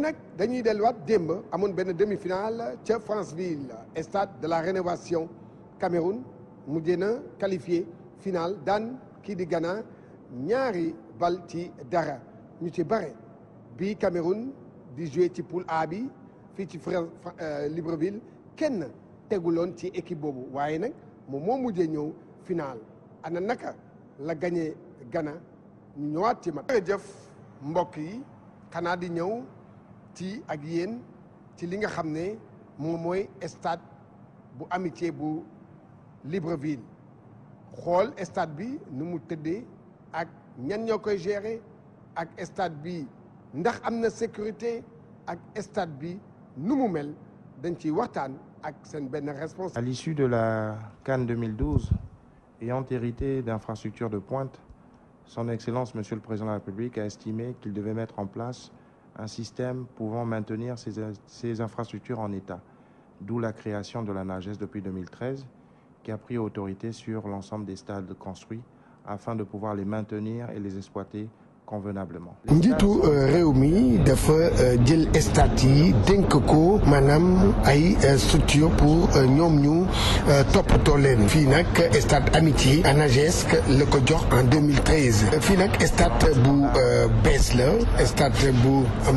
nag dañuy delluwaat démb amoon benn demi-finale ca Franceville stade de la Rénovation Cameroun mujj na qualifié final daan kii di Ghana ñaari bal ci dara ñu ci bare bi Cameroun di joué ci poule A bi fii ci Fra euh, Libreville kenn teguloon ci équipe boobu waaye nag moom moo mujjee ñëw final ana naka la gagné gana ñu ñëwaat ci mat jërëjëf mbokk yi xanaa di ñëw ci ak yéen ci li nga xam ne moom mooy stade bu amitié bu Libreville xool stade bi nu mu tëddee ak ñan ñoo koy gérer ak stade bi ndax am na sécurité ak stade bi nu mu mel dañ ciy waxtaan ak seen benn responsable. à l'issue de la CAN 2012 ayant hérité d'infrastructures de pointe son excellence monsieur le président de la République a estimé qu'il devait mettre en place un système pouvant maintenir ces, ces infrastructures en état, d'où la création de la NAGES depuis 2013, qui a pris autorité sur l'ensemble des stades construits afin de pouvoir les maintenir et les exploiter convenablement. njiitu euh, réew mi dafa euh, jël stade yi dénk ko maanaam ay euh, structure pour ñoom ñu toppatoo leen fii nag stade amitié ANAGESC la ko jox en 2013 fii nag stade bu bees la stade bu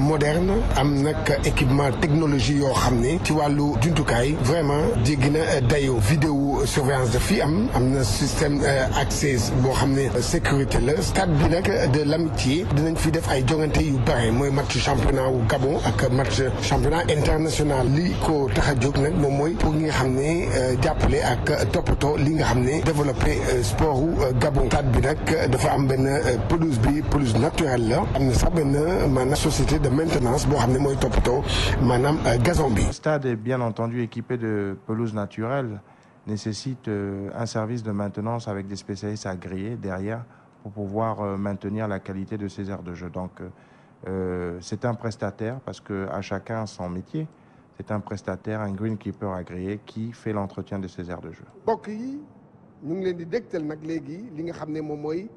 moderne am nag équipement technologie yoo xam ne ci wàllu jumtukaay vraiment jéggi dayo vidéo bu surveillance de fii am am na système euh, accès boo xam ne sécurité la stade bi nag de l'amitié dinañ fi def ay jongante yu bare mooy match championnat wu Gabon ak match championnat international li ko tax a jóg nag moom mooy pour ñi nga xam ne euh, jàppale ak toppatoo li nga xam ne développé euh, sport wu Gabon stade bi nag dafa am benn pelouse bi pelouse naturelle la am na sax benn maanaam société maintenance boo xam ne mooy toppatoo maanaam gazon bi. stade est bien entendu équipé de pelouse naturelle. nécessite euh, un service de maintenance avec des spécialistes agréés derrière pour pouvoir euh, maintenir la qualité de ces aires de jeu. Donc, euh, euh, c'est un prestataire parce que à chacun son métier. C'est un prestataire, un greenkeeper agréé qui fait l'entretien de ces aires de jeu. mbokk yi ñu ngi di dégtal nag léegi li nga xam ne moom mooy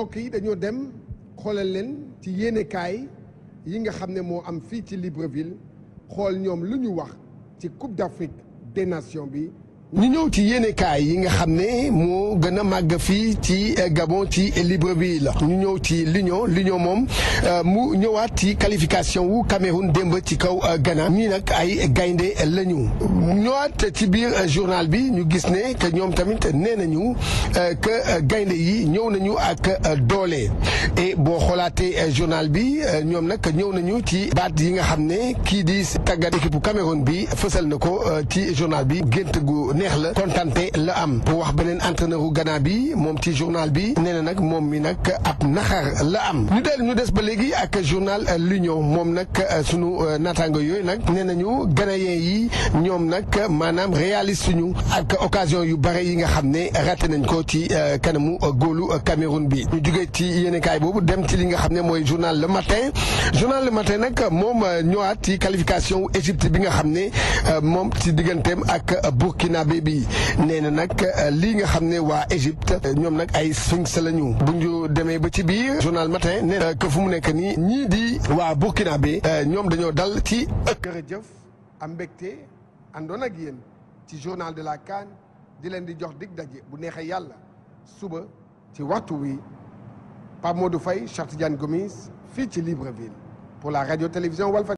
mbokk yi dañoo dem xoolal leen ci yéenekaay yi nga xam ne moo am fii ci Libreville xool ñoom lu ñu wax ci Coupe d'Afrique des Nations bi ñu ñëw ci yéenekaay yi nga xam ne mu gën a màgg fii ci eh, Gabon ci libre Libreville ñu ñëw ci l'union l'union moom eh, mu ñëwaat ci qualification wu Cameroun démb ci kaw eh, Ghana ñii nag ay gaynde lañu ñëwaat ci biir journal bi ñu gis ne que ñoom tamit nee nañu que gaynde yi ñëw nañu ak doole e boo xoolaatee journal bi ñoom nag ñëw nañu ci baat yi nga xam ne kii di tàggat équipe Cameroun bi fësal na ko ci journal bi gént gu neex la kontante la am bu wax beneen entraîneur u Ghana bi moom ci journal bi nee na nag moom mi nag ab naxar la am ñu del ñu des ba léegi ak journal l'Union moom nag euh, suñu euh, naataango yooyu nag nee nañu ghanéen yi ñoom nag maanaam réaliste suñu ak occasion yu bare yi nga xam ne raté nañ ko ci euh, kanamu góolu Cameroun bi ñu jugee ci yéenekaay boobu dem ci li nga xam ne mooy journal Le Matin journal Le Matin nag moom ñëwaat ci qualification Égypte bi nga xam ne taalibe bi nee na nag euh, lii nga xam ne waa Égypte euh, ñoom nag ay sphinx lañu bu ñu demee ba ci biir journal matin nee na euh, fu mu nekk nii ñii di waa Burkina bi ñoom dañoo dal ci ëkk. jëf am mbégte àndoon ak yéen ci journal de la CAN di leen di jox dig daje bu neexee yàlla suba ci waxtu wi Pape Modou Faye Cheikh Tidiane fii ci Libreville pour la radio télévision Walf